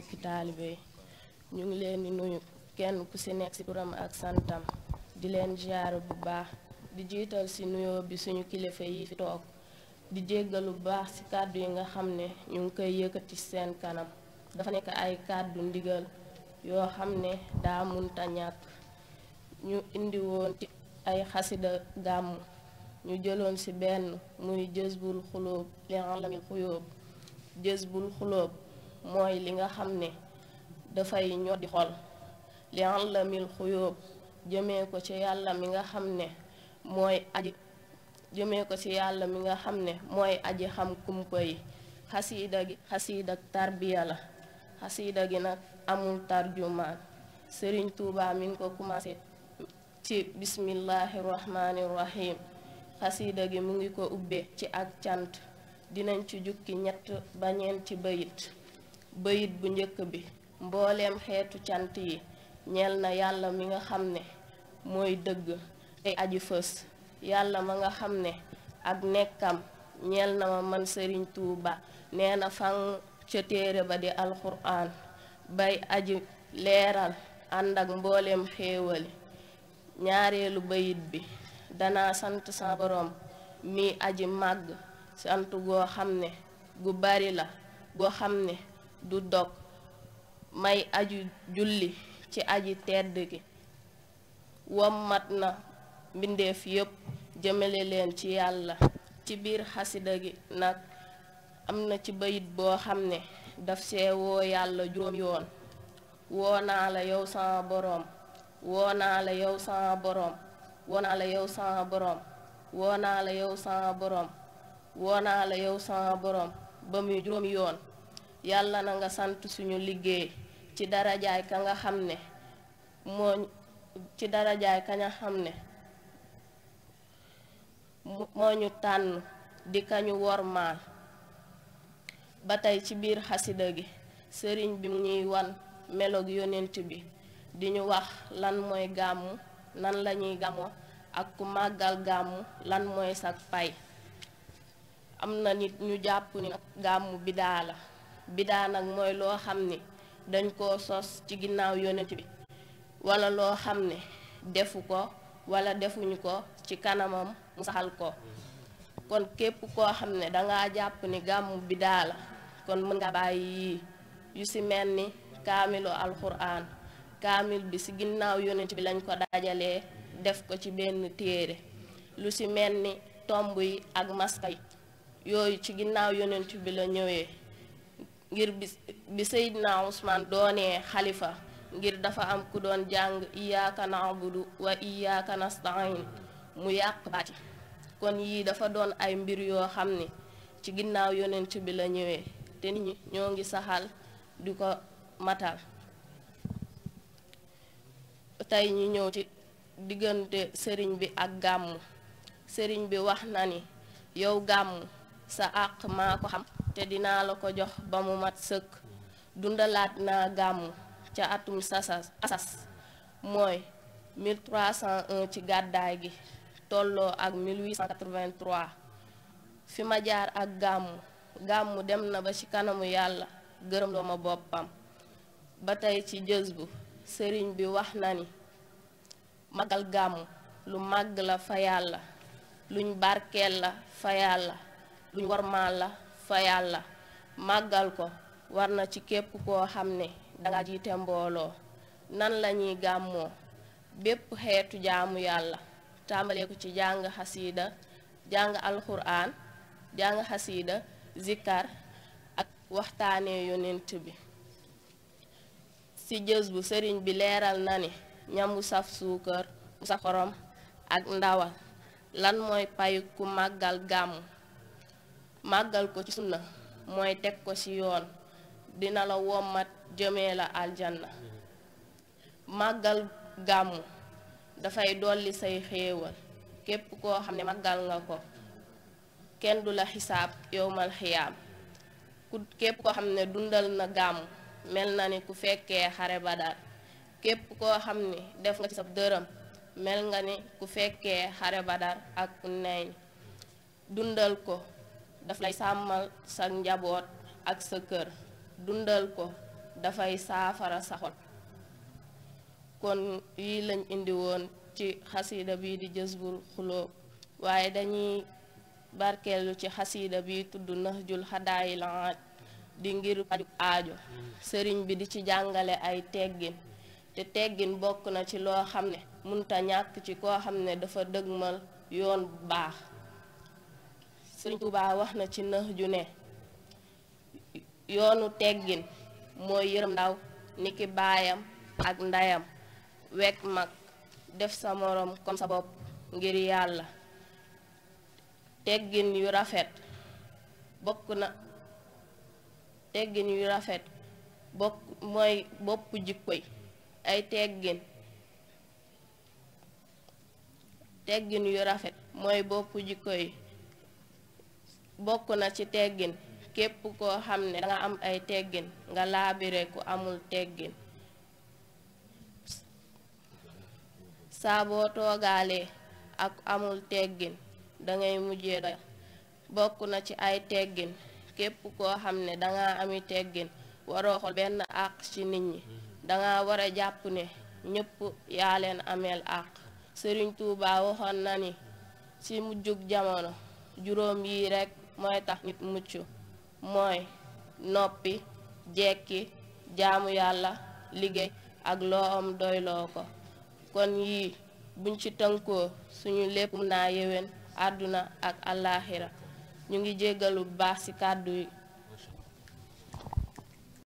mbokki taalibe yi ñu ngi leen di nuyu kenn ku ci nekk ci turam ak santam di leen ziyaara bu baax di jiital ci nuyoo bi suñu kilifa yi fi toog di jéggalu baax ci kàddu yi nga xam ne ñu ngi koy yëkkati seen kanam dafa nekk ay kàddu ndigal yoo xam ne daa munta ñàkk ñu indiwoon ci ay xasida gàmmu ñu jëloon ci benn muy jës xulóob li alamil xuyóob jësbul mooy li nga xam ne dafay ñor di xol li jëmee ko ci yàlla mi nga xam ne mooy aji jëmee ko ci yàlla mi nga xam ne mooy aji xam kumpa yi xasiida gi xasiida ak tarbiya la xasiida gi nag amul tarjumaan sëriñ tuubaa mi ngi ko commencé ci bismillahi rahmaani rahim xasiida gi mu ngi ko ubbee ci ak cant dinañ ci jukki ñett ba ñeenti bayit bayit bu njëkk bi mbooleem xeetu cant yi ñel na yàlla mi nga xam ne mooy dëgg tey aji fës yàlla ma nga xam ne ak nekkam ñel na ma man sëriñ tuuba nee na fan ca téere ba di alxuraan bay aji leeral ànd ak mbooleem xéewali ñaareelu bayit bi danaa sant sa borom mi aji màgg sant goo xam ne gu bari la goo xam ne du dog may aju julli ci aji tedd gi wommat na mbindeef yépp jëmale leen ci yàlla ci biir xasida gi nag am na ci bayit boo xam ne daf see yàlla juróom yoon woo naa la yow sama boroom woo naa la yow sama boroom woo yow sama boroom woo naa yow sama boroom woo naa la yow sama boroom ba muy juróom yoon yàlla na nga sant suñu liggéey ci darajaay ka nga xam ne moo ci darajaay ka nga xam ne moo ñu tànn di kañu wormaal ba tey ci biir xasida gi sëriñ bi ñuy wan meloog yonent bi di ñu wax lan mooy gàmmu nan lañuy gàmmoo ak ku màggal gamu lan mooy sag pay am na nit ñu jàpp ni gàmmu bidaa la bidaa nag mooy loo xam ni dañ ko sos ci ginnaaw yonent bi wala loo xam ne defu ko wala defuñu ko ci kanamam mu saxal ko kon képp koo xam ne danga jàpp ni gàmmu bidaa la kon mën nga bàyyi yii yu si mel ni kaamilu alxuraan kaamil bi si ginnaaw yonent bi lañ ko dajalee def ko ci benn téere lu si mel ni tomb yi ak maska yi yooyu ci ginnaaw yonent bi la ñëwee ngir bis bi Seydina Ousmane doonee xalifa ngir dafa am ku doon jàng iyaaka naabudu wa iyaaka nastain mu yàq baati kon yii dafa doon ay mbir yoo xam ne ci ginnaaw yonent bi la ñëwee te nit ñoo ngi saxal di ko matal tey ñu ñëw ci diggante sëriñ bi ak gàmmu sëriñ bi wax na ni yow gàmmu sa àq maa ko xam te dinaa la ko jox ba mu mat sëkk dundalaat na gàmmu ca atum sasas asas mooy 1301 ci gàddaay gi tolloo ak 1883 fi ma jaar ak gàmmu gàmmu dem na ba ci kanamu yàlla gërëm loo ma boppam ba tey ci jës bu sëriñ bi wax na ni magal gàmmu lu màgg la fa yàlla luñ barkeel la fa yàlla luñ wormaal la fa yàlla màggal ko war na ci képp koo xam ne danga jiite mbooloo nan lañuy gàmmoo bépp xeetu jaamu yàlla tàmbalee ko ci jàng xasiida jàng alxuraan jàng xasiida zikkar ak waxtaane yonent bi ci jës bu sëriñ bi leeral na ni ñamu wu saf suukar bu saf xorom ak ndawal lan mooy pay ku màggal gàmmu màggal ko ci sunna mooy teg ko ci yoon dina la wommat jëme la aljana màggal gàmmu dafay dolli say xéewal képp koo xam ne màggal nga ko kenn du la xisaab yowmal ku képp koo xam ne dundal na gàmmu mel na ne ku fekkee xare badar képp koo xam ne def nga ci sab dërëm mel nga ne ku fekkee xare badar ak ku dundal ko daf lay sàmmal sa njaboot ak sa kër dundal ko dafay saafara sa xol kon yi lañ indi woon ci xasida bi di jësbul xuloo waaye dañuy barkeelu ci xasida bi tudd nahjul xadaayi laaj di ngir paju aajo sëriñ bi di ci jàngale ay teggin te teggin bokk na ci loo xam ne munta ñàkk ci koo xam ne dafa dëgmal yoon bu baax sëñ Tuubaa wax na ci nëx ju ne yoonu teggin mooy yërëm ndaw niki baayam ak ndeyam wekk mag def sa morom kon sa bopp ngir yàlla teggin yu rafet bokk na teggin yu rafet bokk mooy bopp jikko yi ay teggin teggin yu rafet mooy bopp jikko yi bokk na ci teggin képp koo xam ne danga nga laabire ku amul ak amul teggin dangay mujjee doy bokk na ci ay teggin képp koo xam ne danga ami teggin waroo benn àq ci nit ñi danga war a jàpp ne ñépp yaa leen ameel àq Sëriñ Tuubaa waxoon na ni ci mujjug jamono juróom yi rekk mooy tax nit mucc mooy noppi jekki jaamu yàlla liggéey ak loo am doyloo ko kon yii buñ ci tënkoo suñu lépp naa yewen àdduna ak àllaaxira ñu ngi jéggalu baax ci kàddu yi